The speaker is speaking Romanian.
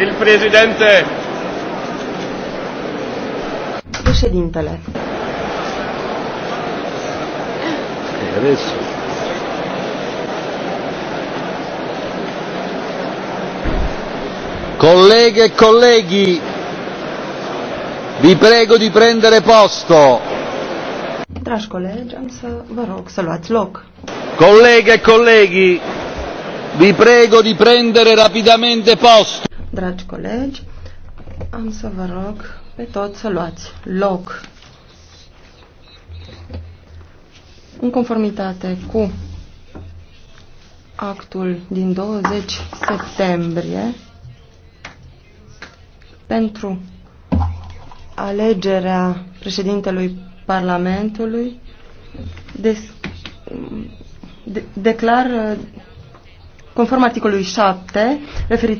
Il presidente. Președintele. E adesso. Colleghe e colleghi, vi prego di prendere posto. Dragi colegi, am să vă rog să luați loc. Colleghe e colleghi, vi prego di prendere rapidamente posto dragi colegi, am să vă rog pe toți să luați loc. În conformitate cu actul din 20 septembrie pentru alegerea președintelui Parlamentului, des, de, declar conform articolului 7 referit.